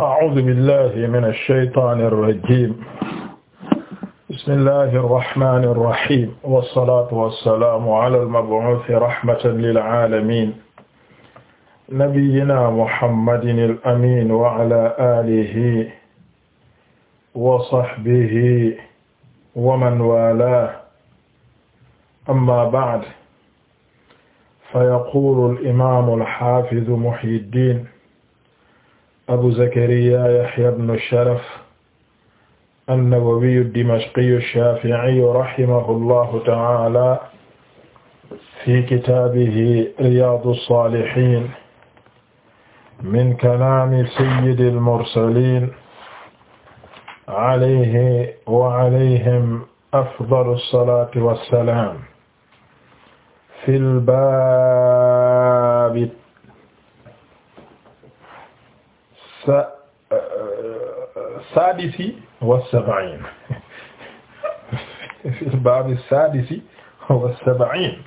أعوذ بالله من الشيطان الرجيم بسم الله الرحمن الرحيم والصلاة والسلام على المبعوث رحمة للعالمين نبينا محمد الأمين وعلى آله وصحبه ومن والاه أما بعد فيقول الإمام الحافظ محي الدين abu zakariya yahya ibnu sharaf annawawiyu dimashqiyu shaafi'iyu rahimahullahu ta'ala fi kitaabihi riyaadu saalihiin min kalaami sayyidil mursaliin alayhi wa alayhim afdalu salaati wa salaam fil baabi sa euh, euh, sadisi wa sab'in fil baabi sadisi wa sab'in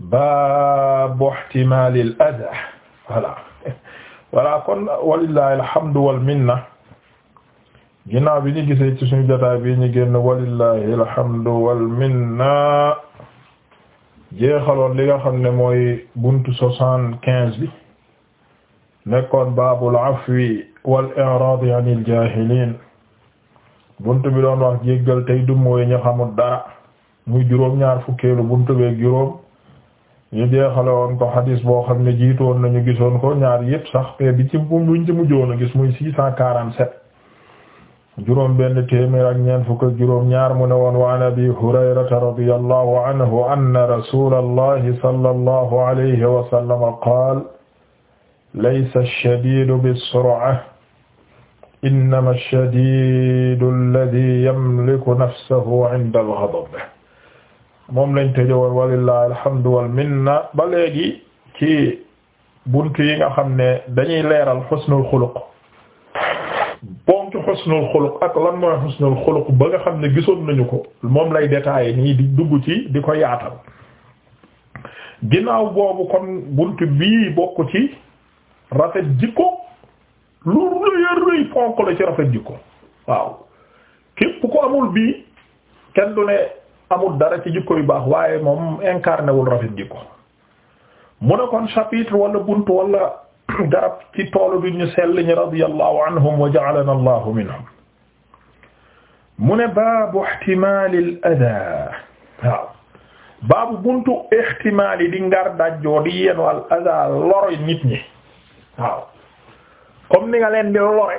baabu ihtimaalil adaa voilà voilà kon walillahi alhamdu wal minna ginnaaw bi ñu gisee ci suñu jotaay bi ñu génn walillahi alhamdu wal minna jeexaloon li nga xam ne mooy buntu soixante quinze bi. nekkoon baabul afwi wal i'raadi anil jaahiliin buntu bi doon wax jéggal tey dummóoyu ñu xamul dara muy juróom-ñaar fukkeelu buntu beeg juróom ñu jeexale woon ko xadis boo xam ne jiitoon nañu gisoon ko ñaar yépp sax te bi ci buñ ci mujjoon a gis muy six cent quarante-sept juróom benn téeméer ak ñeent fukk juróom ñaar mu ne woon wa abi hurayrata radiyallahu anhu anna sallallahu alayhi wa sallam laysa ash-shadiidu bis-sur'a innama ash-shadiidu alladhii yamliku nafsahu 'inda al-ghadab moom lañ tëjowoon walillahi alhamdu wal minna ba léegi ci buntu yi nga xam ne dañuy leeral xusnul xuluq ponk xusnul xuluq ak lan mooy xusnul xuluq ba nga xam ne gisoon nañu ko moom lay détaillé nii di dugg ci di ko yaatal ginnaaw boobu kon buntu bii bokk ci rafet jikko lu rëy a rëy fonk ci rafet jikko waaw képp ku amul bii kenn du ne amul dara ci jikko yu baax waaye moom incarné wul rafet jikko mu ne kon chapitre wala bunt walla garab ci toolu bi ñu sell ñi radiyallahu anhum wa ja'alana allahu minhum mu ne baabu ihtimalil adaa waaw buntu ihtimali di ngar dajjoo di yéen wal adaa loroy nit ñi waaw comme ni nga leen di lore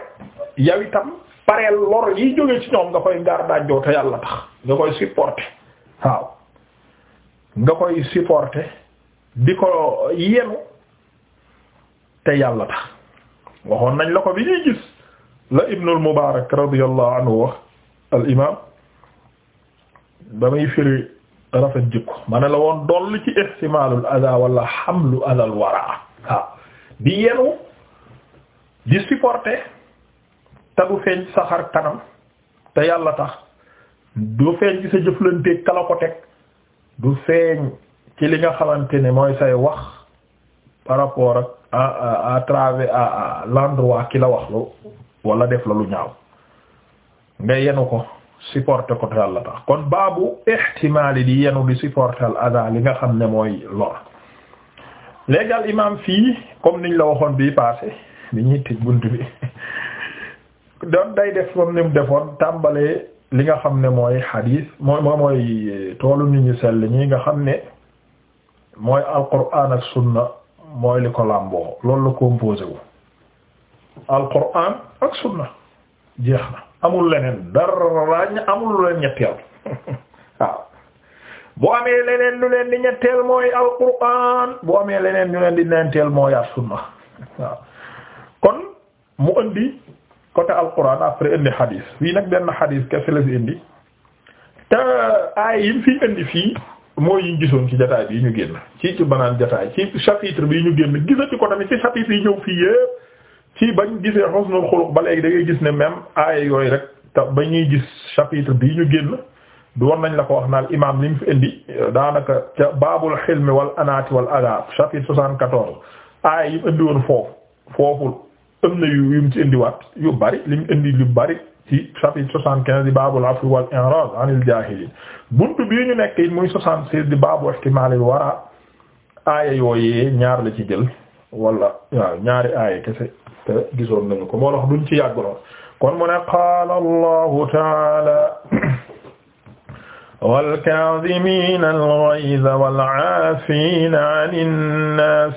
yow itam pareel lor yi jóge ci ñoom nga koy ngaar daajoo te yàlla tax nga koy supporter waaw nga koy supporter di ko yenu te yàlla tax waxoon nañ la ko bi ñuy gis la Ibnul Mubaarak radiyallahu anhu al imaam ba firi rafet jikko ma ne la woon dolli ci ihtimaalul adaa wala xamlu adal waraa waaw di yenu di supporter te du feeñ sa xar kanam te yàlla tax du feeñ ci sa jëflanteeg kala ko teg du feeñ ci li nga xamante ne mooy say wax par rapport ak à à à l'endroit ki la wax lu wala def la lu ñaaw nga yenu ko supporter ko te yàlla tax kon baabu ihtimaali di yenu di supporter al ada li nga xam ne mooy lor léegi al imaam fii comme niñ la waxoon bii passé bi ñuy tëj bunt bi doon day def comme ni mu defoon tàmbalee li nga xam ne mooy xadiis mooy mooy toolu nit ñu sell ñi nga xam ne mooy alquran ak sunna mooy li ko làmboo loolu la composé wu alquran ak sunna jeex na amul leneen dara amul lu leen ñetteel bu amee leneen lu leen di ñetteel mooy alquran bu amee leneen ñu leen di ñeenteel mooy sunna waaw kon mu indi côté alquran après indi xadiis fii nag benn xadiis kese la fi indi te aay yi fi indi fii mooy yi ñu gisoon ci jotaay bii ñu génn ci ci banaan jotaay ci chapitre bii ñu génn gisati ko tamit ci chapitre yi ñëw fii yëpp ci bañ gisee husnul xuluq ba léegi da ngay gis ne même aay yooyu rek te ba ñuy gis chapitre bii ñu génn. du war nañ la ko wax naal imam li mu fi indi daanaka ca baabul xilmi wal anaati wal adab chapitre quatorze aay yi mu indi woon foofu foofu am na yu yu mu ci indiwaat yu bari li mu indi lu bari ci chapitre soixante-quinze di baabul afwi wal i'rad anil jaahiliin buntu bii ñu nekk it muy soixante-seize di baabu ihtimaalil wara aaya yooyee ñaar la ci jël wala waaw ñaari aaya kese te gisoon nañu ko moo tax ci yàgg kon mu ne qaala Allahu ta'aala wal kaazimiina al-ghayza wal aafiina anin-naas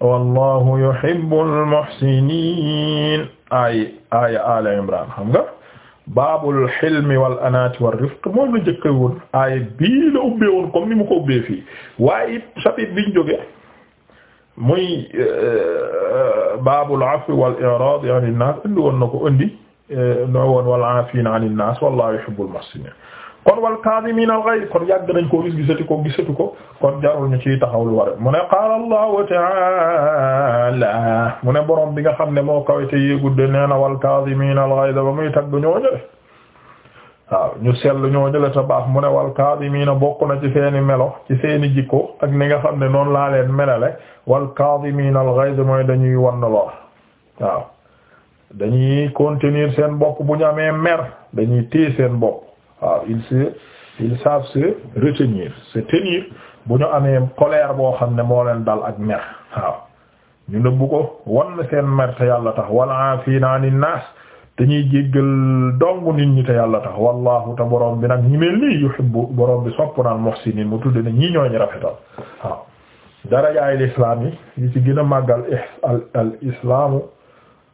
wallaahu yuhibbul muhsiniin. ay ay Aali Imraan xam nga baabul hilmi wal anaati war rifq moom la njëkk woon ay bii la ubbee woon comme ni mu ko ubbee fii waaye it chapitre biñ jógee muy euh, baabul afwi wal i'raad anin-naas indi woon na ko indi euh, noo woon wal aafiina anin-naas wallaahu yuhibbul muhsiniin kon wal kaazimiina al-ghayz kon yàgg nañ koo gis gisatu ko gisatu ko kon jarul ñu ciy taxaw lu war mu ne qaala Allahu ta'aala mu ne borom bi nga xam ne moo kawe te yéegul de nee na wal kaazimiina al-ghayz ba muy tagg ñooñu de waaw ñu seetlu ñooñu la te baax mu ne wal kaazimiina bokk na ci seeni melo ci seeni jikko ak ni nga xam ne noonu laa leen melale wal kaazimiina al-ghayz mooy dañuy wan lor waaw dañuy contenir seen bopp bu ñu amee mer dañuy téye seen bopp. waaw il se ils savent retenir se tenir bu ñu amee colère boo xam ne moo leen dal ak mer waaw ñu nëbbu ko wan seen mer te yàlla tax wal aafiina anin naas te ñuy jéggal dong nit ñi te yàlla tax wallahu te borom bi nag ñi mel nii yuhibbu borom bi sopp naan muhsinin mu tudd ne ñii ñoo ñu rafetal waaw. darajaay l'islam yi yi ci gën a màggal al al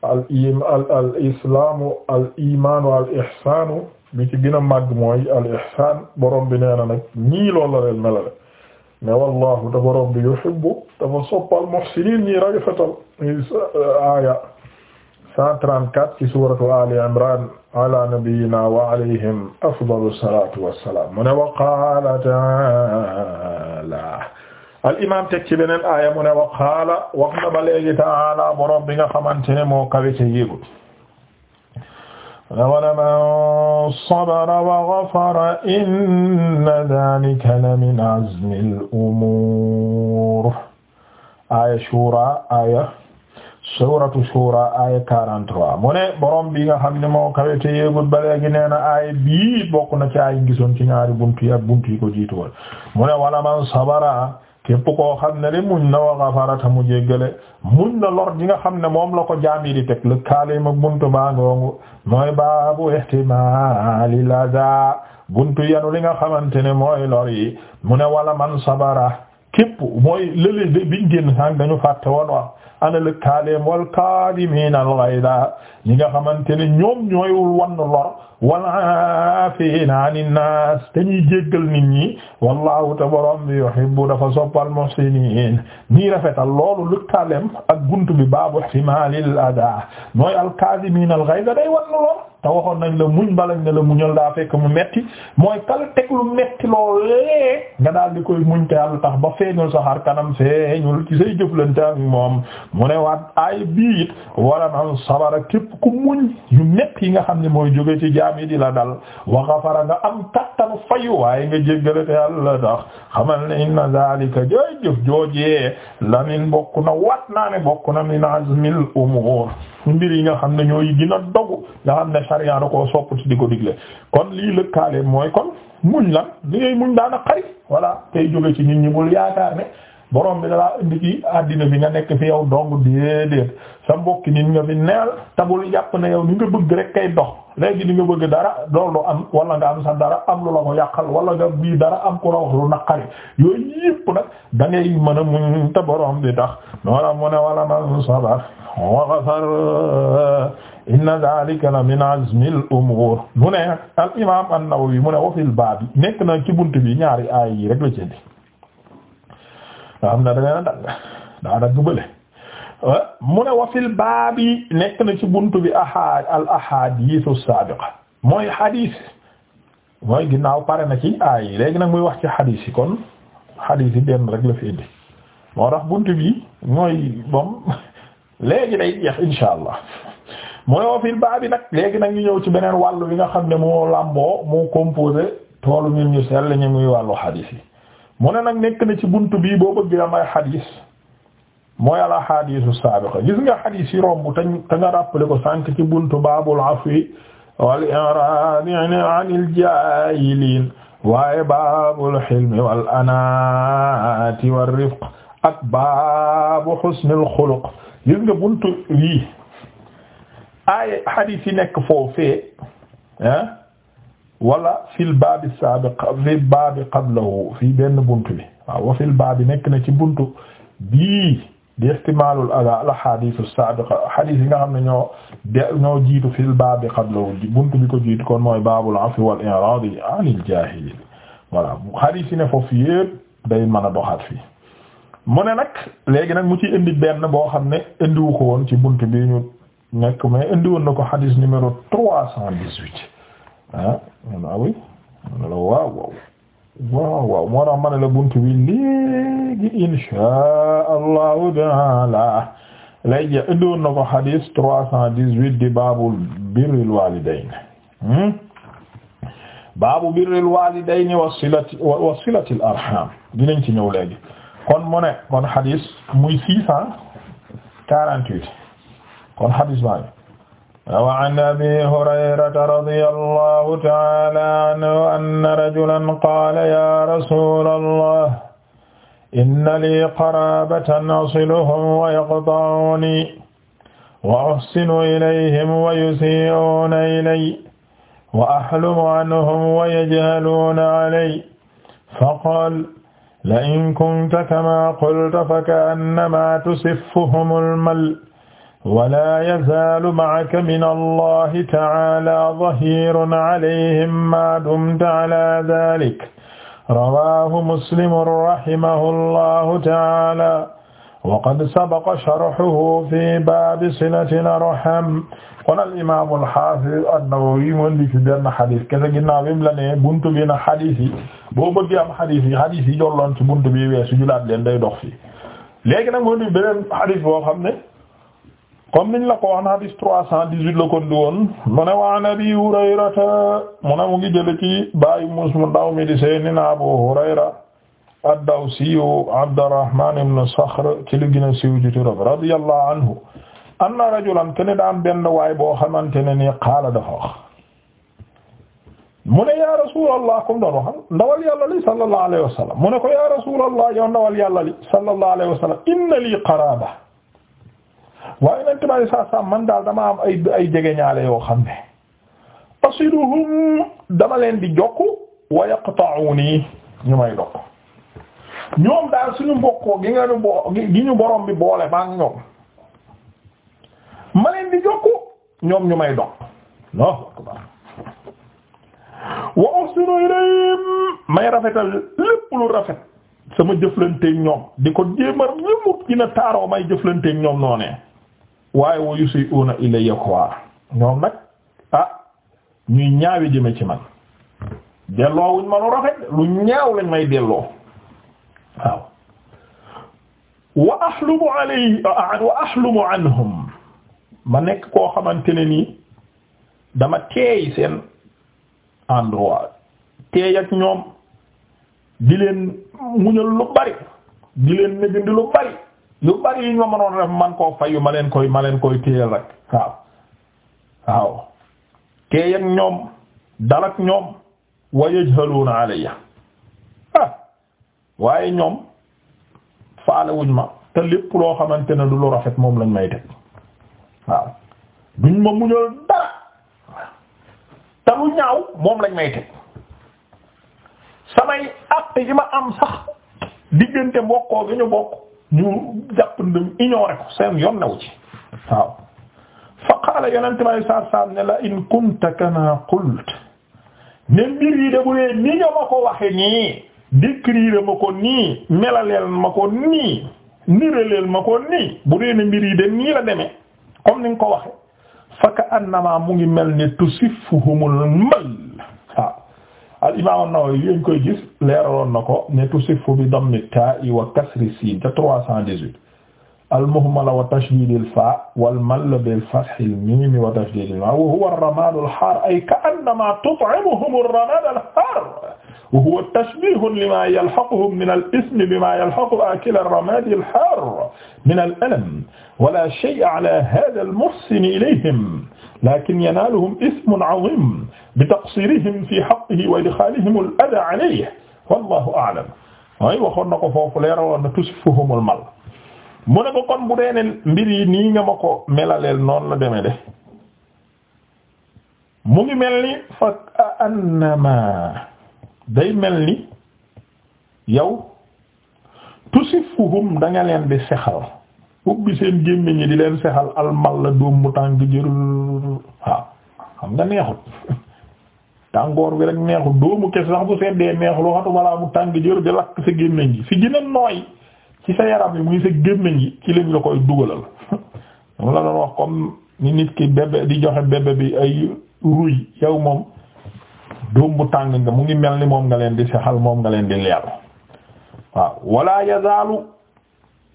al im al ihsaanu mi ci gën al ihsan borom bi nee na nag ñii loolu la leen melale mais wallahu te borom bi yuhibbu dafa soppal muhsinin ñii rafetal euh, aaya 134 ci suuratu ali imran ala nabiyyina wa alayhim afdalu salatu wassalam mu ne wa qaala taala al imam teg ci beneen aaya mu ne wa qaala wax na ba taala borom bi nga xamante ne moo kawe ci wala man sabara wa ghafara inna dhalika la min azmil umuur aya shura aya suratu shura aya mu ne borom bi nga xam ne moo kawete yéegul baleegi nee na aya bii bokk na ci ay gisoon ci ñaari buntu yi ak yi ko jiitu mu ne wala man sabara képp koo xam ne de muñ na wa ghafarata mu jéggale muñ na lor gi nga xam ne moom la ko jaami di teg lëkkaale ma buntu baa ngoongu mooy baabu ihtimali laza buntu yanu li nga xamante ne mooy lor yi mu ne wala man sabara képp mooy lële de biñ génn sànq dañu fàtte woon wax ana lëkkaaleem wal kaadimiina al ghayda ñi nga xamante ne ñoom ñooy wan lor wala afiina anin naas te ñuy jéggal nit ñi wallahu te borom bi yuhibbu dafa soppal muhsinin ñii rafetal loolu lu tàllem ak guntu bi baabu ihtimalil ada mooy alkaazimiin alghayz day wan lor te waxoon nañ la muñ balañ ne la muñal daa fekk mu metti mooy kal teg lu metti loolee nga daal di koy muñ te yàlla ba feeñul sa xar kanam feeñul ci say jëflante moom mu ne waat ay biit wala nan sabara képp ku muñ yu nekk yi nga xam ne mooy jóge ci jaam yi di la dal wa ghafara nga am kattanu fayu waaye nga jéggale te yàlla tax xamal ne inna zalika jëf joojee la min bokk na wat naa ne bokk na min azmil umur mbir yi nga xam ne ñooy gën a dogu nga xam ne sharia da koo sopp ci di ko digle kon lii lëkkaale mooy kon muñ la li ngay muñ daana xari voilà tey jóge ci nit ñi bul yaakaar ne borom bi dalaa indi ci àddina bi nga nekk fi yow dong déedéet sa mbokki nit nga fi neel tabul yàpp na yow ni nga bëgg rek kay dox léegi ni nga bëgg dara loolu am wala nga am sa dara am lu la ko yàqal wala nga bii dara am ku la wax lu naqari yooyu yëpp nag da ngay mën a muñ te borom bi tax wala mu ne wala man sabar wa ghafar inna dhalika la min azmil umur mu ne al imam an-Nawawi mu ne wa fil baab nekk na ci bunt bi ñaari aay yi rek la nga xam ne da ngay dagg euh, mu ne wa fil baabi nekk na ci bunt bi ahad al ahadiisu saabiqa mooy hadith mooy ginnaaw pare na ci ay léegi nag muy wax ci hadith yi kon hadith yi benn rek la fi indi moo tax buntu bi mooy moom léegi day jeex insha allah mooy wa fil baabi nag léegi nag ñu ñëw ci beneen wàllu bi nga xam ne moo làmboo moo composé toolu ñun ñu sell ñu muy wàllu hadith yi. mu ne nag nekk na ci bunt bii boo bëgg am ay xadiis mooy al ahadiisu saabiqa gis nga xadiis yi romb te te nga rappelé ko sànk ci buntu baabul afwi wal i'raadi anil jaahiliin waaye baabul hilmi wal anaati war rifq ak baabu xusnil xuluq gis nga buntu yii ay xadiis nekk foofee ah wala fil baabi saabiq fi baabi qablahu fii benn fi bi waaw wa fil nekk na ci buntu bi di ihtimaalul adaa al ahadiisu saabiqa xadiis yi nga xam ne ñoo de ñoo jiitu fil baabi qablahu buntu bi ko jiitu kon mooy baabul afwi wal i'raadi anil jaahiliin voilà xadiis yi ne foofu yépp day mën a ne nag léegi nag mu ci indi benn boo xam ne indiwu ko woon ci buntu bi ñu nekk mais indiwoon na ko xadiis numéro trois cent dix-huit. ah man awi ah man la waaw waaw waaw waaw moo tax ma ne la buntu bi léegi inshaa allahu taala lay ja indiwoon na ko xadiis trois cent dix-huit di baabul birril waalidayn baabu birril waalidayn hmm? wa silati wa silatil arham dinañ ci ñëw léegi kon mu ne kon xadiis muy six cent quarante-huit kon xadiis baa ngi wa an abi hurayrata radiya allahu taala anhu anna rajulan qaala ya rasula allah inna lii qarabatan asiluhum wa yaqta'uuni wa uhsinu ilayhim wa yusii'uuna ilay wa ahlumu anhum wa yajhaluuna alay faqaala la'in kunta kamaa qulta fakaannamaa tusiffuhumul mal wala yazaalu ma'aka min allahi ta'ala zahirun alayhim ma dumta ala dhalik rawahu muslimun rahimahu allahu ta'ala waqad sabaqa sharhuhu fi baabi silatil arham kon al imaam al haafiz an-Nawawi mu indi ci benn xadis kese ginnaaw bi mu la ne buntu bi na xadis yi boo bëggee am xadis yi xadis yi jolloon ci buntu bi weesu julaat leen day dox fi léegi nag mu indi beneen xadis boo xam ne comme niñ la ko wax na hadis trois cent dix-huit la kon di woon mu ne wa an Abi Hurayrata mu ne mu ngi jële ci mus mu ndaw mi Abu Hurayra ad-Dawsi Abdurrahman ibn Sakhr ci li gën a siiw ci turam anhu anna rajulan kene daan benn waay boo xamante ne nii qaala dafa mu ne ya Rasulullah comme doon ya Rasulullah inna li qaraba waaye nag tubaab yi sax man daal dama am ay ay jegeñaale yoo xam ne asiluhum dama leen di jokk wa yaqta'uni ñu may dog ñoom daal suñu mbokkoo gi nga ñu bo gi ñu borom bi boole maa ngi ñoom ma leen di jokk ñoom ñu may dog Allahu akbar wa usru may rafetal lépp lu rafet sama jëflanteeg ñoom di ko jéemar ñëmut dina taaroo may jëflanteeg ñoom noonee waaye wa yusi'una ilayya quoi ñoom nag ah ñuy ñaawi jëme ci man delloo wuñ ma lu rafet lu ñaaw lañ may delloo waaw wa ahlumu alayhi wa ahlumu anhum ma nekk koo xamante ne nii dama teey seen endroit teey ak ñoom di leen muñal lu bari di leen nëgëndi lu bari lu bari yu ñu ma mënoon def man koo fayu ma koy ma leen koy téyel rek waaw waaw téy ak ñoom dalak ñoom wa yajhaluuna alayya ah waaye ñoom faale wuñ ma te lépp loo xamante ne du lu rafet moom lañ may teg waaw duñ ma muñal dara te lu ñaaw moom lañ may teg samay àq yi ma am sax diggante mbokkoo gi ñu bokk ñu jàpp ndëm ignoré ko seen yoon new ci waaw fa qaala yonente may sar sam ne la in kunta kama qult ne mbir yi de bu dee ni nga ma ko waxe nii décrire ma ko nii melaleel ma ko nii niraleel ma ko nii bu dee ne mbir nii la demee comme ni ko waxe fa ka annama mu ngi mel ni tusifuhumul mal al imaam an-Nawawi yéen koy gis leeraloon na ko ne tusifu bi dammi taa'i wa kasri siin ca trois cent dix-huit al muhmala wa tashdid al fa wal mall bil fath al mim wa tashdid al wa huwa ar-ramad al har ay ka'annama tut'imuhum ar-ramad al har wa huwa tashbih lima yalhaquhum min al ism bima yalhaqu akil ar-ramad al har min al alam wa la shay'a ala hadha al muhsin ilayhim lakin yanaluhum ismun 'azim bi taqsirihim fi haqqihi wa idxaalihim al-adaa alayhi wallaahu waaye waxoon na ko foofu leeraloon na tusifuhum al-mal mu ne ko kon bu dee ne mbir yi nii nga ma ko melaleel noonu la demee de mu ngi mel ni fa annama day mel ni yow tusifuhum da nga leen di sexal ubbi seen gémmiñ ñi di leen sexal al-mal la doom tàng jër waaw nga neexut tàngoor bi rek neexul doomu kese sax bu seddee neexul waxatu balaa mu tàng jër di lakk sa gémmiñ gi si gën nooy ci sa yaram yi muy sa gémmiñ gi ci lañ la koy dugalal mu la doon wax comme ni nit ki bébé di joxe bébé bi ay ruy yow moom doom bu tàng nga mu ngi mel ni moom nga leen di saxal moom nga leen di leel waaw wala yazaalu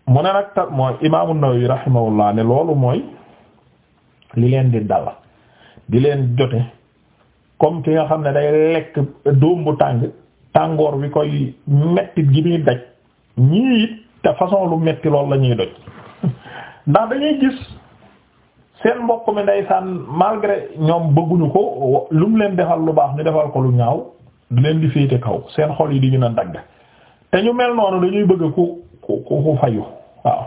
mu ne nag ta mooy imaamu Nawawi rahimahullah ne loolu mooy li leen di dal di leen jote comme ki nga xam ne day lekk doom bu tàng tàngoor bi koy mettit gi muy daj ñii it te façon lu metti lool la ñuy doj ndax dañuy gis seen mbokk mi ndeysaan malgré ñoom bëgguñu ko lu mu leen defal lu baax ñu defal ko lu ñaaw du leen di féete kaw seen xol yi di gën a dagg te ñu mel noonu dañuy bëgg ku ku ku fayu waaw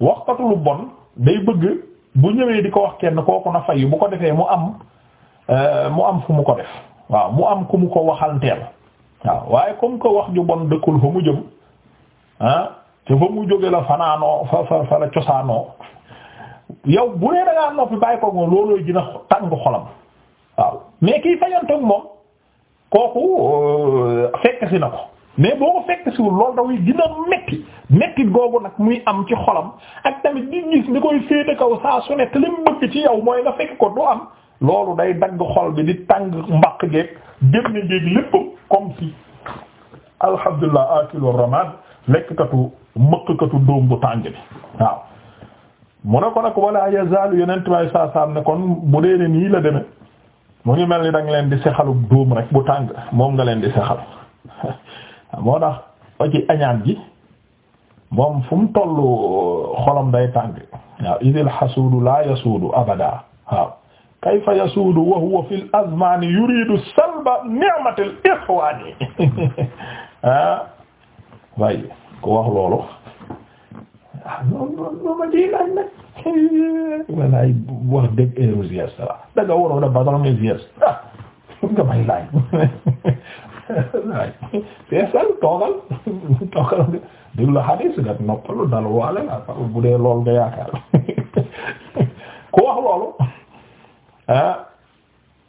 waxkatu lu bon day bëgg bu ñëwee di ko wax kenn kooku na fayu bu ko defee mu am Euh, mu am fu mu ko def waaw mu am ku mu ko waxanteel waaw waaye comme ko wax ju bon dëkkul fa mu jëm ah te fa mu jóge la fanaanoo fa fa fa la cosaanoo yow bu nee da ngaa noppi bàyyi ko moom loolooy dina tàng xolam waaw mais kii fayantoog moom kooku euh, fekk si na ko mais boo ko fekk siwul loolu daw dina metti metti googu nag muy am ci xolam ak tamit bi gis ni koy féete kaw saa su ne te li mu bëgg ci yow mooy nga fekk ko du am loolu day dagg xol bi di tàng mbaq geeg génne geeg lépp comme si alhamdulilah akilu ramad lekkatu mëkkatu doom bu tàng bi waaw mu ne ko nag wala yazalu yeneen tubaab yi saa saa ne kon bu dee ne nii la demee mu ngi mel ni da leen di sexalu dóom rek bu tàng moom nga leen di sexal moo tax ci añaan ji moom fu mu toll xolom day tàng waaw idil xasuudu laa yasuudu abada waaw. kayfa yasuudu wa huwa fil azmaani yuridu salba ni'matil ixwaani ah waaye ku wax loolu ah ma ji laaj nag walaay wax dëgg Erosiers eh, la da nga waroon a Badara ah toogal toogal déglu xadis nga noppalu dal waale la bu dee lool nga yaakaar ku wax loolu. Ah,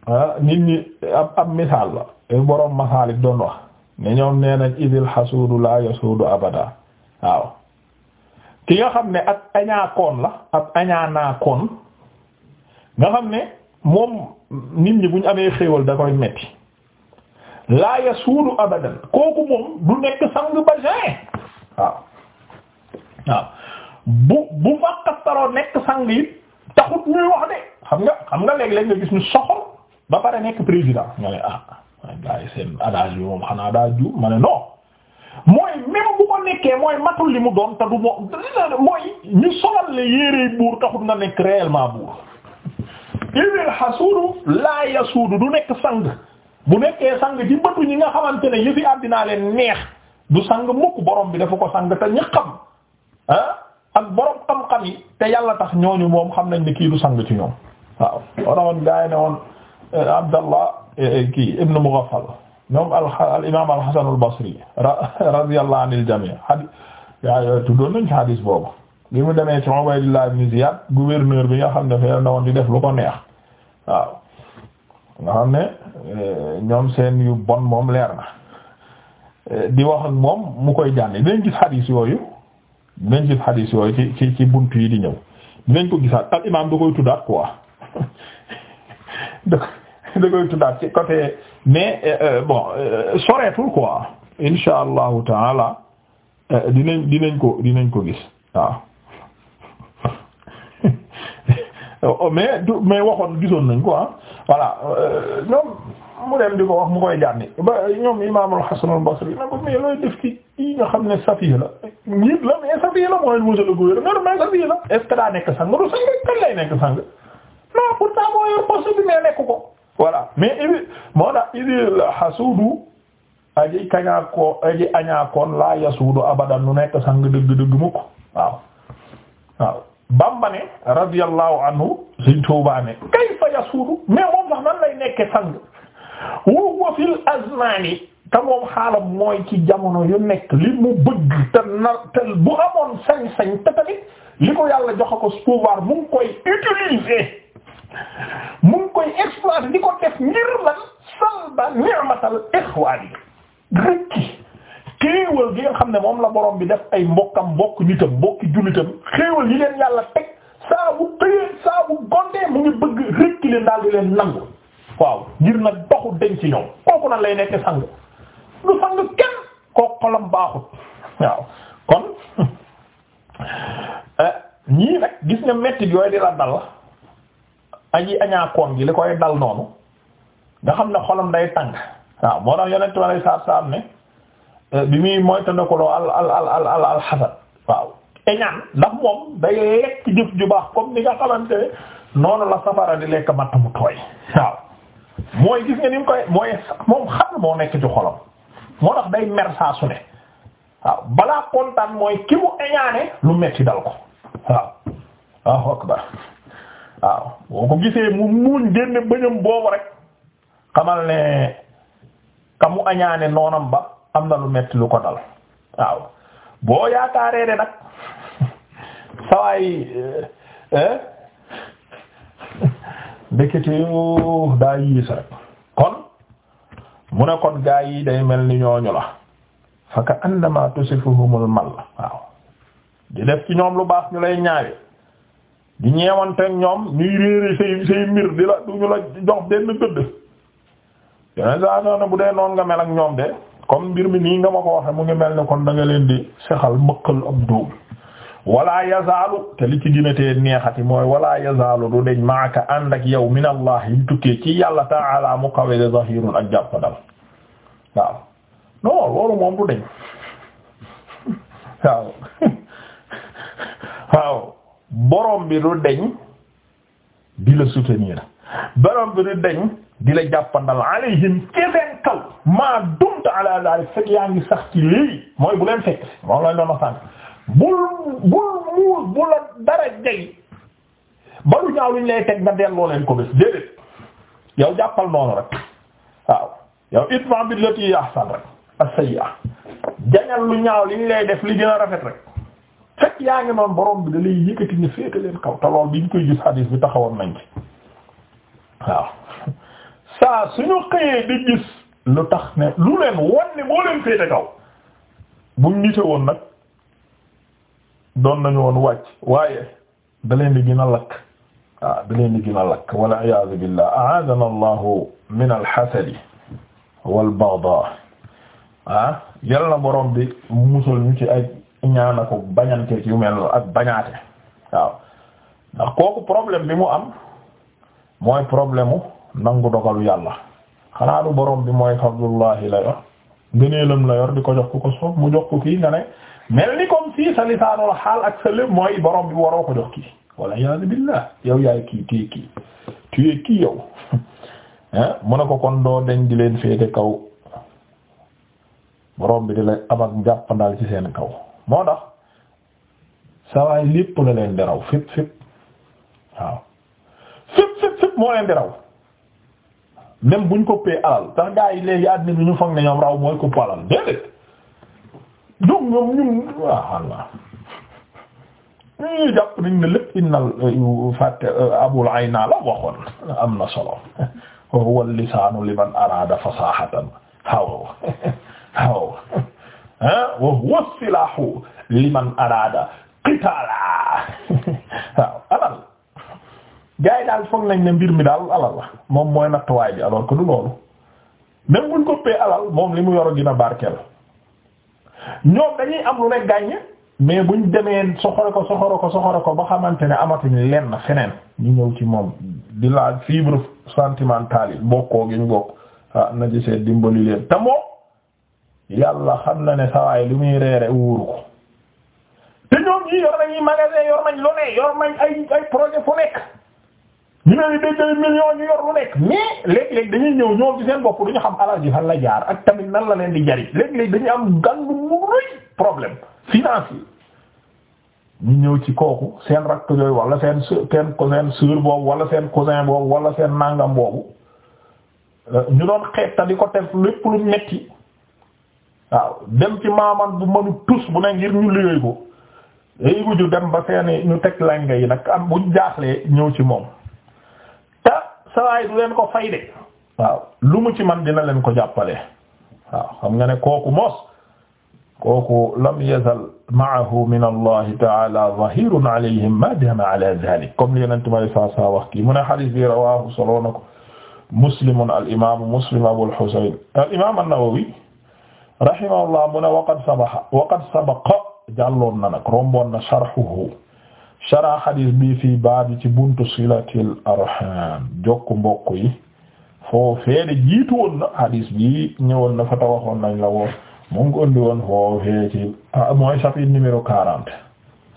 ah nit ñi ab ab misaal la borom masaalik doon wax ne ñoom nee nañ idil xasuudu la yasuudu abada waaw ki nga xam ne ak añaakoon la ak añaanaakoon nga xam ne moom nit ñi buñ ñu amee xéewal da koy metti la yasuudu abadan kooku moom du nekk sang ba jamais waaw waaw bu bu fàkkastaroo nekk sang yi taxut ñuy wax de xam nga xam nga léeg-léeg nga gis ñu soxol ba pare nekk président nga ne ah gars yi seen adage bi xanaa daa ma ne non mooy même bu li mu doon te du moo taxul nga nekk réellement buur idil xasuudu laa nekk sang bu nekkee sang ci ñi nga xamante ne yëfi àddinaa leen neex du sang mukk bi dafa ko sang te ñi xam ah, borom xam-xam te yàlla tax ñooñu moom xam nañ ne kii du sang ci ñoom waaw wanawoon gaa yi ne woon euh, Abdallah euh, kii ibn Mughaffal ñoom al imaam al Hasan al Basri radiyallahu anil jamii hadi yaa tuddoon nañ ci hadis boobu bi mu demee ci Ubaydillah ibn Ziyad gouverneur bi nga xam ne fee na woon di def lu ko neex waaw nga xam ne euh, ñoom seen yu bon moom leer na di wax ak moom mu koy jànni dinañ gis hadis yooyu dinañ gis yooyu ci ci ci yi di ñëw dinañ ko gisaat al imaam da koy tuddaat quoi da da koy tuddaat ci côté mais euh, euh, bon euh, soreetul quoi insha allahu taala dinañ dinañ ko dinañ ko gis waaw oh, mais du mais waxoon gisoon nañ ko ah voilà ñoom mu dem di ko wax mu koy jànni ba ñoom imaam al basri na ko mais looy def ki yi xam ne safiya la njiit la mais safiya la mooy monsieur le gouverneur mais safiya la est-ce que daa nekk sang du sang kan lay nekk sang non pourtant moo yor poste bi mais nekk ko voilà mais ibi moo tax idil hasudu aji kañaakoo laa yasuudu abadan nu nekk sang dëgg-dëgg mukk waaw waaw Bamba ne radiyallahu anhu Sëriñ Tuubaa ne yasuudu mais moom sax nekke sang wa huwa fil azmaani te moom mooy ci jamono yu nekk li mu bëgg te nar te bu amoon sañ-sañ te li ko yàlla jox ko pouvoir mu ngi koy utiliser mu ngi koy exploiter di ko def ngir lan salba ni'matal yi rëkki xéewal gi nga xam ne moom la borom bi def ay mbokkam mbokk nitam mbokki jullitam xéewal yi leen yàlla teg saa bu xëyee saa mu ngi bëgg rëkki leen daal di leen nangu waaw ngir nag doxu denc ci ñoom kooku nan lay nekk sang lu sang kenn kooku xolam baaxut waaw kon eh, ñii nag gis nga mettit yooyu di la dal aji añaakoon gi li koy dal noonu nga xam ne xolam day tàng waaw moo tax yonent bi euh, muy moytandikuloo al al al al al waaw eñaan ndax moom day lekk jëf ju baax comme ni nga xamante noonu la safara di lekk matt mu tooy waaw mooy gis nga ni mu koy moom xam moo nekk ci xolam moo tax day mer saa su ne waaw balaa kontaan mooy ki mu eñaane lu metti dal ko waaw waaw akbar waaw boo ko gisee mu muuñ génne bëñam boobu rek xamal ne ka mu añaane noonam ba am na lu metti lu ko dal waaw boo yaakaaree ne nag sawaay eh, eh, ndekete yoo daa yiis rek kon mu ne kon gaa yi day mel ni ñooñu la fa ka annama tusifuhumul mal waaw di def ci ñoom lu baax ñu lay ñaawe di ñeewanteeg ñoom ñuy réere say say mbir di la duñu la jox benn gëdd yeneen saa ñoo bu dee noon nga mel ak ñoom de comme mbir mi nii nga ma ko waxe mu ngi mel ni kon da leen di sexal mbëkkal ab dóor wala yazaalu te li ci ginatee neexati mooy wala yazaalu du deñ maaka ànd ak yow min allah yi tukkee ci yàlla ta'ala mu kawe de zahirun ak jàppandal waaw non loolu moom du deñ waaw waaw borom bi du deñ di la soutenir borom bi du deñ di la jàppandal alayhim ci seen kaw maa dumta ala dalik fekk yaa ngi sax ci lii mooy bu leen fekk moom lañ doon a bul bul muus bu la dara jey ba lu ñaaw luñ lay teg nga delloo leen ko bés déedéet yow jàppal noonu rek waaw yow idfa billati ahsan rek as-sayyi'a jañal lu ñaaw liñ lay def li gën a rafet rek fekk yaa ngi noonu borom bi da lay yëkkati ñu féete leen kaw te bi ñu koy gis hadis bi taxawoon nañ ci waaw saa suñu xëyee di lu tax ne lu leen won ne moo leen féete kaw buñ nite woon nag doon nañu woon wàcc waaye da leen di gën a lakk waaw da leen di gën a lakk wal iyaadu billah a'aadana allahu min alxasadi wal bagdaa ah yal na borom bi musal ñu ci ay ñaan ko bañante ci yu mel ak bañaate waaw ndax kooku problème bi mu am mooy problème mu nangu dogalu yàlla xanaa du borom bi mooy fadlullahi la yor ngëneelam la yor di ko jox ku ko soob mu jox ko kii nga ne mel ni comme si sa xaal ak sa lépp mooy borom bi waroo ko jox kii walla yow yaay kii téye kii téye kii yow mu ne ko kon doo deñ di leen féete kaw borom bi di la am ak jàppandal ci seen kaw moo tax sawaay lépp la leen di raw fépp fépp waaw fépp moo leen di raw même buñ coppee alal tax gaa yi léegi àddina bi ñu foog raw mooy copp alal déedéet donc ñoom ñun waaw allah ñu jàpp nañ ne lépp innal fàtte euh, abul ayna la waxoon am na solo wa huwa lisaanu liman araada fasahatan haw haw ah wa huwa silaahu liman araada qitaala waaw alal gars yi daal foog nañ ne mbir mi daal alal la moom mooy nattuwaay bi alors que du loolu même buñ ko alal moom li mu yoro dina barkeel ñoom dañuy am lu ne mais buñ demee soxore ko soxore ko soxore ba xamante ne amatuñ lenn feneen ñu ñëw ci moom di la fibre sentimentale yi bokkoo gi ñu bokk ah na ci seet dimbali leen te moom yàlla xam na ne sawaay lu muy reere wóoru ko te ñoom ñii yor nañuy magasin yor nañ ay ay projet fu nekk ñu ne ni dégg million dañuy ñëw ñoom ci seen bopp duñu xam alal ji fan la jaar ak tamit nan la leen di jari léeg-léeg dañuy am gan bu mu problème financier ñu ñëw ci kooku seen rakk yooyu wala seen seen cousin sœur boobu wala seen cousin boobu wala seen nàngam boobu euh, ñu doon xeet ta ko def lépp lu metti waaw dem ci maaman bu mënu tus bu ne ngir ñu liggéey ko day mujj dem ba seeni ñu teg langa yi nag am buñ ñëw ci moom te sawaay du leen ko fay lu mu ci man dina leen ko jàppale waaw xam nga ne kooku moos kooku lam yazal maahu min allah taala zahirun alayhim ma dama ala dalik comme li yenente ma wax kii mu ne hadith bi rawahu soloona ko muslimun al imam muslim abul al nawawi rahimahullah mu ne waqad sabaxa waqad sabaqa jàlloon na nag romboon na sharhuhu shara xadis bi fii baabi ci buntu silatil arham jokk mbokk yi foofee jiitu woon na bi ñëwoon na fa ta waxoon nañ la woo mu ngi indi woon foofee ah, mooy chapitre numéro quarante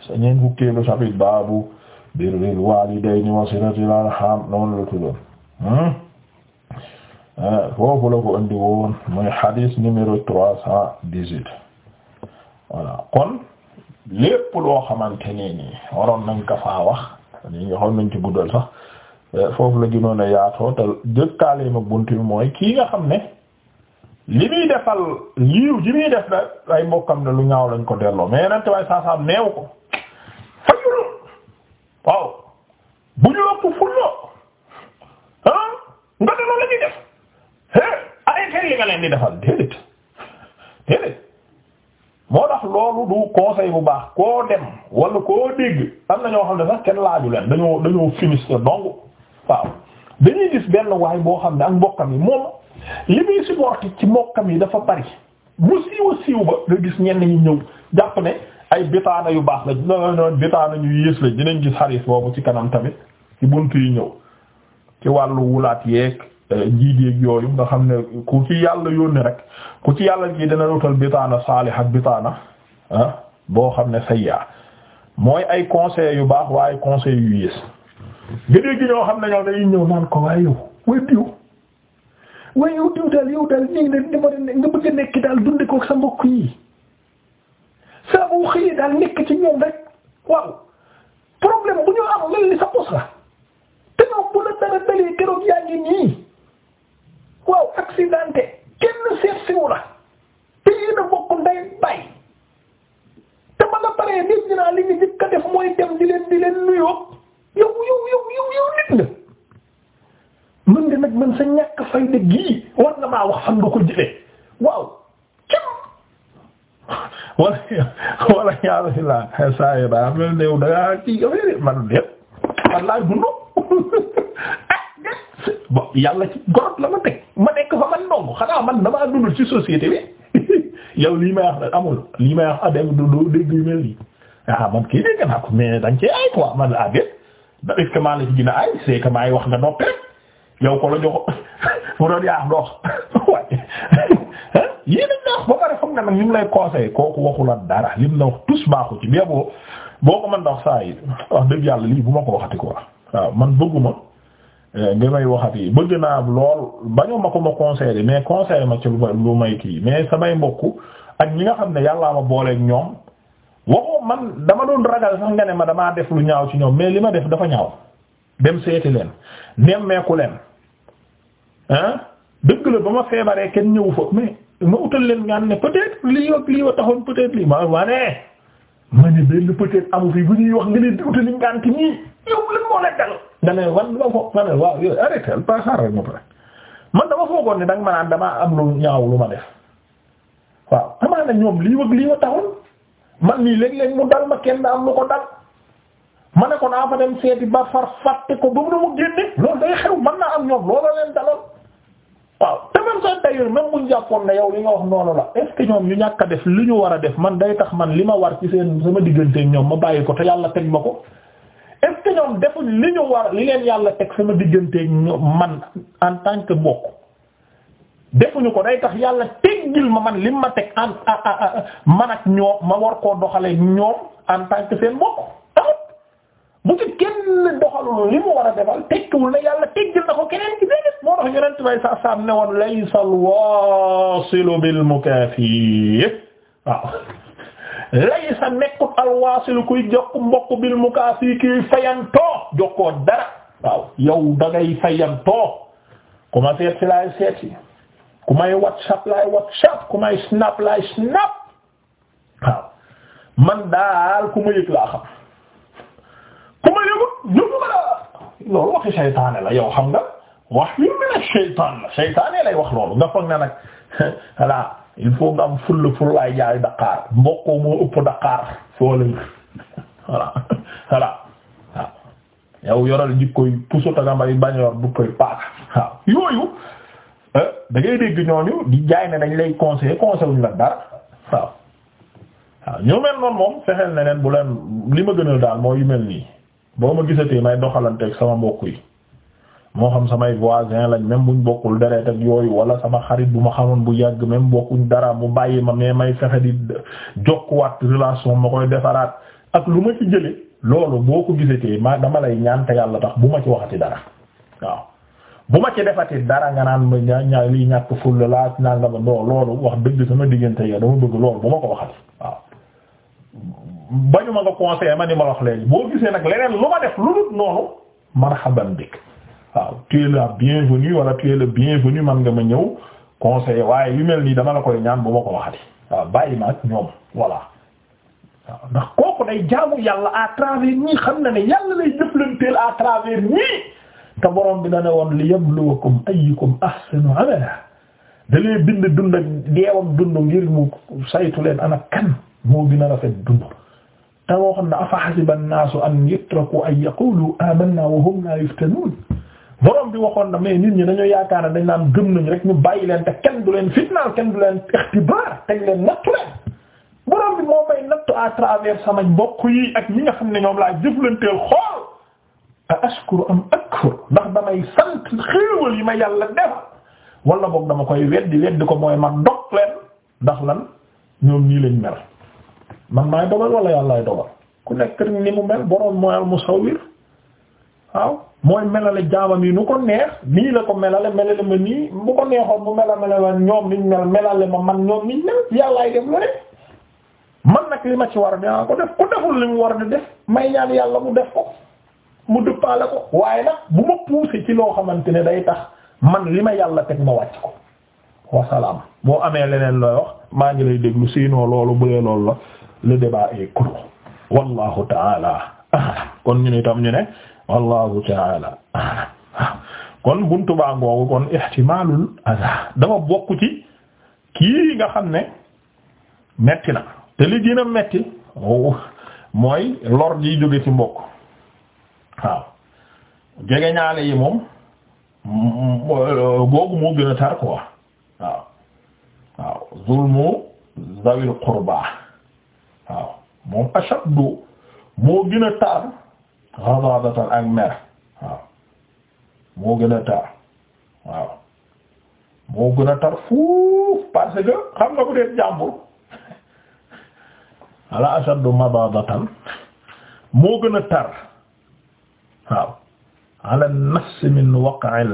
sa ñeen fukkeelu chapitre baabu birril walidayni wa silatil arham noonu la tuddoon hmm? Ah, foofu la ko andi woon mooy hadis numéro trois cent dix-huit voilà kon lépp loo xamante ne ni waroon nañ ko faa wax ni nga xam nañ ci guddal sax eh, foofu la gënoon a yaatoo te jëkkaale ma bunt bi mooy kii nga xam ne li muy defal liiw ji muy def da ay mbokkam ne lu ñaaw lañ ko delloo mais yeneen way saa neew ko fajulu bu ñu ëpp fullo ah nga delloo la def li nga leen di defal déedéet moo tax loolu du conseil bu baax koo dem wala koo dégg am na ñoo xam ne sax kenn laaju leen dañoo dañoo finis dong waaw dañuy gis benn waay boo xam ne ak mbokkam yi moom li muy supporté ci mbokkam yi dafa bari bu siiwa siiw ba nga gis ñenn ñi ñëw jàpp ne ay bitaana yu baax la non non bitaana ñu yées la dinañ gis xaris boobu ci kanam tamit ci bunt yu ñëw ci wàllu wulaat yeeg. njiit yeeg yooyu nga xam ne ku ci yàlla yónni rek ku ci yàlla ji dana wutal bitaana saalih ak bitaana boo xam ne sayya mooy ay conseil yu baax waaye conseil yu yées gëdée gi ñoo xam ne ñoo dañuy ñëw naan ko waaye yow way diw waaye yow diw daal yow daal ñégi ne nga bëgg nekk daal dundi ko sa mbokk yi saa bu xëyee daal nekk ci ñoom rek waaw problème bu ñu am mel ni sa pos la te ñoom bu la dara dalee keroog yaa ngi nii waaw accidenté kenn seet siwu la te yéen a bokk nday bay te ba nga paree nit ñi naa def mooy dem di leen di yow yow yow yow yow nit nga mën nag man sa ñàkk fayda gii war nga wax fan nga ko jëlee waaw cim wala wala yaalasila saye baa mel new dangaa ci affaire man déet man laa dund bon yàlla ci gorot la ma teg ma nekk fa man ndong xanaa man damaa dundul ci société bi yow lii may wax amul may wax adem du doo dégg yu mel nii ah man kii dégg naa ko mais dañ ci ay ah, da est-ce que maa la wax nga noppi rek yow ko la wax ba pare foog ñu la ko mën na dëgg yàlla lii bu ma ko waxati quoi waaw man bëgguma li euh, may waxati bëgg naa lool bañu ma ko ma conseillé mais conseillé ma ci lu may lu may kii mais samay mbokk ak ñi nga xam ne yàllaa ma booleeg ñoom waxoo man dama doon ragal sax nga ne ma damaa def lu ñaaw ci ñoom mais li ma def dafa ñaaw dem seeti leen nemmeeku leen ah dëgg la ba ma feebaree kenn ñëwu fa mais ma utal leen ñaan ne peut lii ak lii wa taxoon peut-être lii ma wane. ma ne benn peut-être amu bu ñuy wax nga leen di utali ngànt nii yow lan moo la dal nga ne wan dama foog ma ne waaw yooyu arrêté pas xaaral ma pare man dama foogoon ne danga man naan damaa am lu ñaaw lu ma def waaw amaana ñoom lii wëg lii ma taxoon man nii léeg-léeg mu dal ma kenn am lu ko dal ma ne ko naa fa dem seeti ba far fàtte ko ba mu ne mu génne loolu day xew man naa am ñoom loola leen daloon waaw te même sax d'ailleurs même bu ñu jàppoon ne yow li nga wax noonu la est ce ñu ñàkk a def li ñu war a def man day tax man li ma war ci seen sama diggante ñoom ma bàyyi ko te yàlla teg ma ko est ce li ñu war li leen yàlla teg sama diggante ñoom man en tant que mbokk defuñu ko day tax yàlla teggil ma man lim ma teg en man ak ñoom ma war koo doxalee ñoom en tant seen mbokk bu fi kenn doxalul li mu war a defal tekkiwul na yàlla teggil na ko keneen ci beneen moo tax yonent bay sa bil mukaafi waaw laysa nekkul jokkoo dara waaw yow da ngay ku ma seet si laay seet si ku may whatsapp laay whatsapp ku may snap laay snap waaw man daal ku ma yëg laa xam loolu waxi seytaane la yow xam nga wax yu mel ne seytaan la seytaane lay wax loolu nga foog ne nag voilà il faut nga am full full laay jaay Dakar mbokkoo moo ëpp Dakar foo leen voilà voilà waaw yow yoral jikkoy puso ta nga bañ yor bu koy paaka waaw yooyu eh, da dégg ñooñu di jaay ne dañ lay conseiller conseil wuñ dara waaw waaw mel noonu moom fexeel ne bu leen li ma gënal daal moo yu mel nii boo ma gisatee may doxalanteeg sama mbokk yi moo xam samay voisin lañ même buñ bokkul deret ak yooyu wala sama xarit bu ma xamoon bu yàgg même bokkuñ dara mu bàyyi ma mais may fexe di jokkuwaat relation ma koy defaraat ak lu ma ci jële loolu boo ko gisatee ma dama lay ñaan te yàlla tax bu ma ci waxati dara waaw bu ma ci defati dara nga naan ma ña liy ñàkk fulla laa nangama doo loolu wax dëgg sama diggante ya dama bëgg loolu bu ma ko waxati waaw bañu ma nga conseillé ma ni ma wax léegi boo gisee nag leneen lu ma def lu dul noonu marhaban bik waaw tu es la bienvenue wala tu es bienvenu man nga ma ñëw conseillé waaye yu mel nii dama la koy ñaan bu ma ko waxati waaw bàyyi ma ak ñoom voilà waaw ndax kooku day jaamu yàlla à travers ñii xam na ne yàlla lay jëflanteel à travers ñii te borom bi da ne woon li yabluwakum ayyukum ahsanu amala da bind dund ak deewam dund ngir mu saytu leen ana a rafet te waxoon na afa hasiba an-naasu an yutraku an yaqulu amanna wa hum la yuftanuun borom bi waxoon na mais nit ñi dañoo yaakaar ne dañ naan gëm nañ rek ñu bàyyi leen te kenn du leen fitnaal kenn du leen ixtibaar teg leen nattu leen borom bi moo may nattu à travers sama mbokk yi ak ñi nga xam ne ñoom laa jëflanteel xool a ashkuru am akfur ndax damay sant xéewal yi ma yàlla def wala boog dama koy weddi weddi ko mooy ma dog leen ndax lan ñoom nii lañ mel man maay dogal wala yàllaay dogal ku nekk ni mu mel boroom mooy al musawwir waaw mooy melale jaamam yi nu ko neex nii la ko melale melale ma nii bu ko neexoon bu mela melale ñoom niñ mel melale ma man ñoom niñ mel yàllaay def lu ne man nag li ma ci war a dinaa ko def ku deful li mu war a def may ñaan yàlla mu def ko mu dëppaale ko waaye nag bu ma poussé ci loo xamante ne day tax man li ma yàlla teg ma wàcc ko wasalaam boo amee leneen looy wax maa ngi lay déglu siinoo loolu bu la le débat est clos wallahu taala kon ñu ne tam ñu ne wallahu taala kon buntu baa ngoogu kon ihtimalul dafa bokk ci kii nga xam ne metti na te li gën metti oh, mooy lor ji jóge ci mbokk waaw jege ñaale yi moom mm, googu moo gën a tar waaw waaw zulmu zawil qurba waaw moom ashaddu moo gën a tar ghadadatan ak mer waaw moo gën a tar waaw moo gën a tar fuuf parce que xam nga bu dee jàmbur ala ashaddu madadatan moo gën a tar waaw ala nafs min waqa'il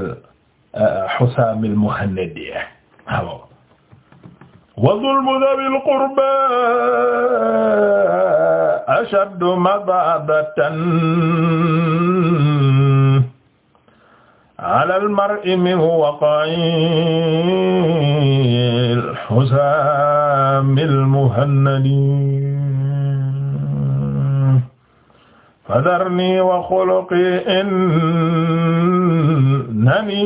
husaamil muhannadi waaw wa zulmu dhawil qurba ashaddu madabatan ala al-mar'i min waqa'il husamil muhannadin fadarni wa khuluqi innani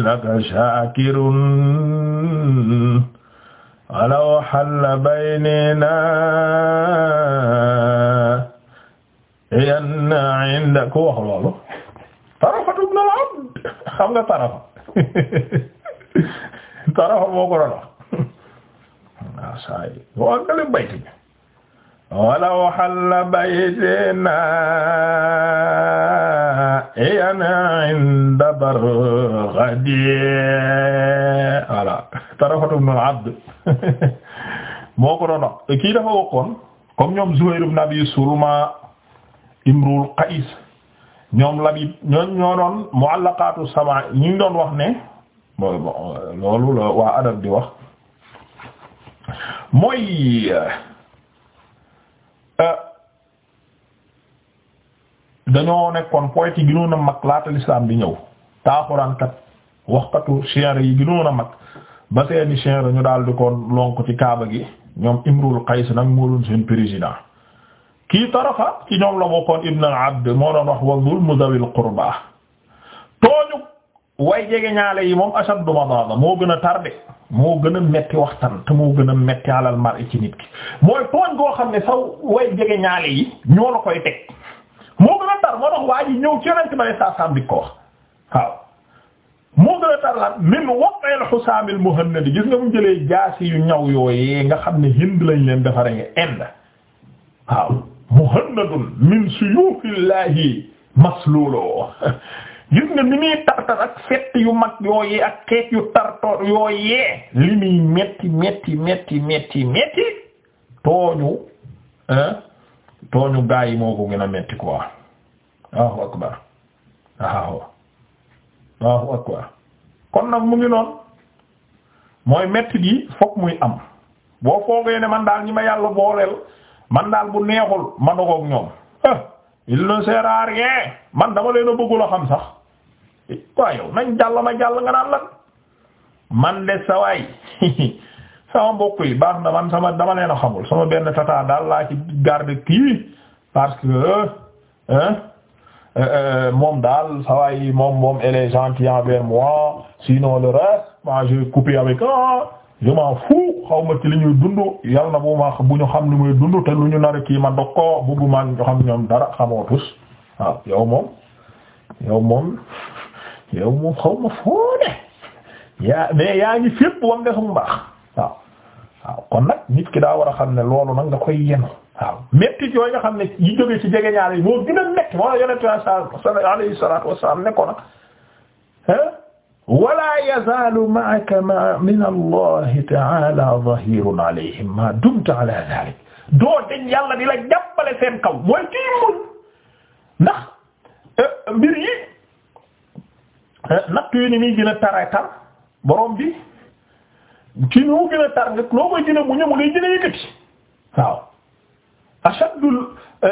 laka shakirun walaw xalla baynanaa yan inda ku wax loolu Tarafa ibn al-Abd xam nga Tarafa Tarafa moo ko doon wax waaw saa yi waaw nga leen bayt bi walaw xalla baynanaa yan inda barghadi voilà Tarafatu ibn al moo ko doon wax kii dafa waxoon comme ñoom Zuhayr ibn Abi Sulma Imrul Qais ñoom Labid ñoo doon mu'allaqatu sama ñu doon wax ne loolu la waa adab di wax mooy euh, euh, dañoo nekkoon poète yi gënoon a mag laata l'islam bi ñëw taaxuraankat waxkatu shi'ar yi gënoon mag ba seeni chenre ñu daal di ko lonk ci kaaba gi ñoom Imrul Qays nag moo doon seen président kii tarafa ci ñoom la bokkoon Ibn al-Abd moo doon wax wa zulmu zawil qurba tooñu way jege ñaale yi moom ashaddu madaada moo gën a tardé moo gën a metti waxtaan te moo gën a metti alal mar'i ci nit ki mooy tooñ goo xam ne saw way jege ñaale yi ñoo la koy teg moo gën a tar moo tax waa ji ñëw ci yonent ba ne saa saam di ko wax waaw moo gën a tarlan min waqil xusaamil muhannadi gis nga mu jëlee jaasi yu ñaw yooyee nga xam ne hind lañ leen defare nga ind waaw muhannadun min suyufillahi maslulo gis nga ni muy tartar ak fett yu mag yooyee ak xeet yu tartor yooyee li muy metti metti metti metti tooñu tooñu gaa yi moo ko gën a metti quoi waaw waaw waaw akbar kon nag mu ngi noon mooy mettit yi fokk muy am boo foogee ne man daal ñi ma yàlla booleel man daal bu neexul ma dogoog ñoom eh, il ne sert à rien man dama leen a a xam sax waaw yow nañ jàll ma jàll nga naan lan man de sa waay sama mbokk yi baax na man sama dama leen a xamul sama benn tata daal laa ci garde kii parce que hein eh, eh, Euh, euh, moom daal sawaay moom moom elle est gentille envers moi sinon le reste moi j'ai coupé avec ah je m'en fous xaw ma ci ñuy dund yal na bu ma bu ñu xam lu muy dund te lu ñu nar a kii ma dog ko bu ma ñu xam ñoom dara xamoo tus waaw yow moom yow moom yow moom xaw ma foo de yaa mais yaa ngi bu wam de sumu baax waaw waaw kon nag nit ki daa war a xam ne loolu nag nga koy yenu waaw métti yooyu nga xam ne yi joge ci jege ñaar yi moo gën a métti moo la yonent alayhi salaatu ne ko na wala yazaalu ma'aka min allahi ta'ala zahirun ma dumta ala dhalik di la jàppale seen kaw mooy kii mun ndax euh, mbir yi euh, natt yu ni muy gën a tara tar borom bi ci ñu tar nga loo koy gën a mu ñë mu ngay gën a yëkkati ashaddu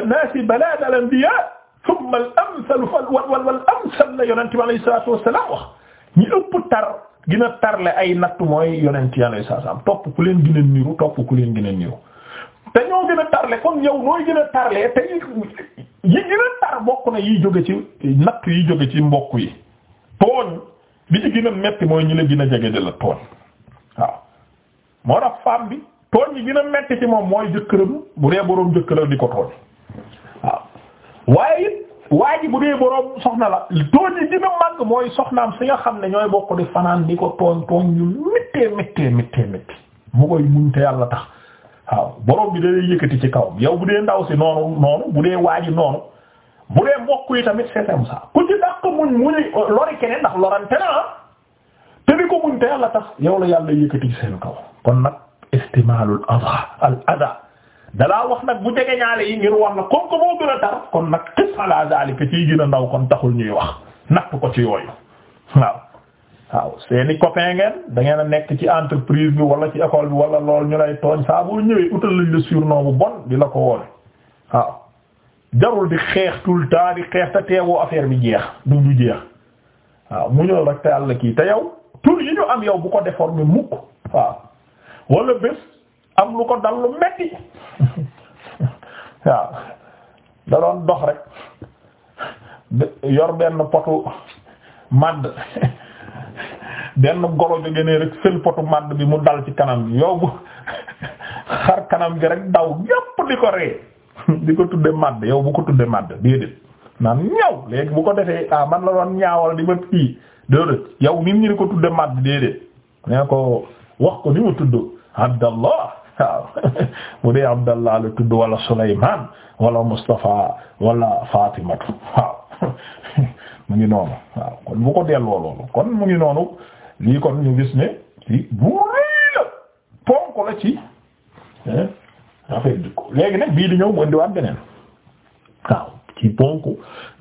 naasi balaad al anbiyaa thumma al amsal wal amsal la yonent bi alayhi salaatu wa salaam wax ñi ëpp tar gina tarle ay natt mooy yonent bi alayhi salaatu salaam topp ku leen gën a niru topp ku leen gën a te ñoo gën tarle kon yow nooy gën a tarle te yi gën a tar bokk na yiy jóge ci natt yi jóge ci mbokk yi tooñ bi ci gën metti mooy ñi la gën a jege de la tooñ waaw moo tax femme bi tooñ gi gën a metti ci moom mooy jëkkëram bu dee boroom jëkkëram di ko tooñ waaw waaye it waa bu dee boroom soxna la tooñ yi gën a màgg mooy soxnaam si nga xam ne ñooy bokk di fanaan di ko tooñ tooñ ñu méttee méttee méttee mu koy muñ te yàlla tax waaw boroom bi ci kawam yow bu dee ndaw si noonu noonu bu dee ji noonu bu dee mbokk yi tamit c'est ku ci dàq muñ lori keneen ndax lorante na ah. te di ko muñ te yàlla tax yow la yàlla yëkkati seen kaw kon nag istimaalul adaa adaa dalaa wax nag bu jege ñaale yi ngir wax na comme que moo gën a tar kon nag xis ala zalika ciy gën ndaw kon taxul ñuy wax natt ko ci yooyu waaw waaw seeni copain ngeen da ngeen a nekk ci entreprise bi wala ci école bi wala lool ñu lay tooñ saa boo ñëwee utal lañ la bu bon di la ko woone waaw jarul di xeex tout le temps di xeex te teewoo affaire bi jeex du du jeex waaw mu ñëw rek te yàlla kii te yow tur yi ñu am yow bu ko déformer wala bés am lu ko dal lu metti waaw da dox rek yor benn potu madd benn golo jóge ne rek sël potu madd bi mu dal ci kanam bi yow bu xar kanam gi rek daw ñépp di ko ree di ko tudde madd yow bu ko tudde madd déedéet naan ñaw léegi bu ko defee ah man la doon ñaawal di ma kii déedéet yow nit ñi di ko tudde madd déedéet nee ko wax ko ni mu tudd abdallah waaw bu dee abdallah la tudd wala Souleymane wala Moustapha wala Fatimatu waaw mu ngi noonu waaw kon bu ko delloo loolu kon mu ngi noonu lii kon ñu gis ne ci la ponk la ci eh, affaire bi léegi nag bii di ñëw mu indiwaat beneen waaw. ci ponk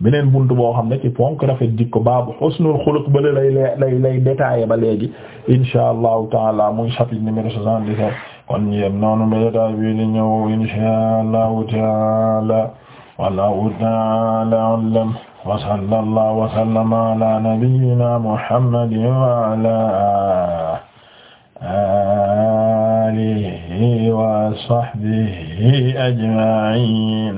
beneen bunt boo xam ne ci ponk rafet jikko baabu husnul xuluq bale lay lay lay détaillé ba léegi insha allahu taala muy chapitre numéro soixante-dix-sept kon ñu yem noonu ba détail bi di ñëw insha allahu taala wallahu taala alam wa sallallahu wa sallama ala nabiyyina muhammadin wa ala alihi wa sahbihi ajma'in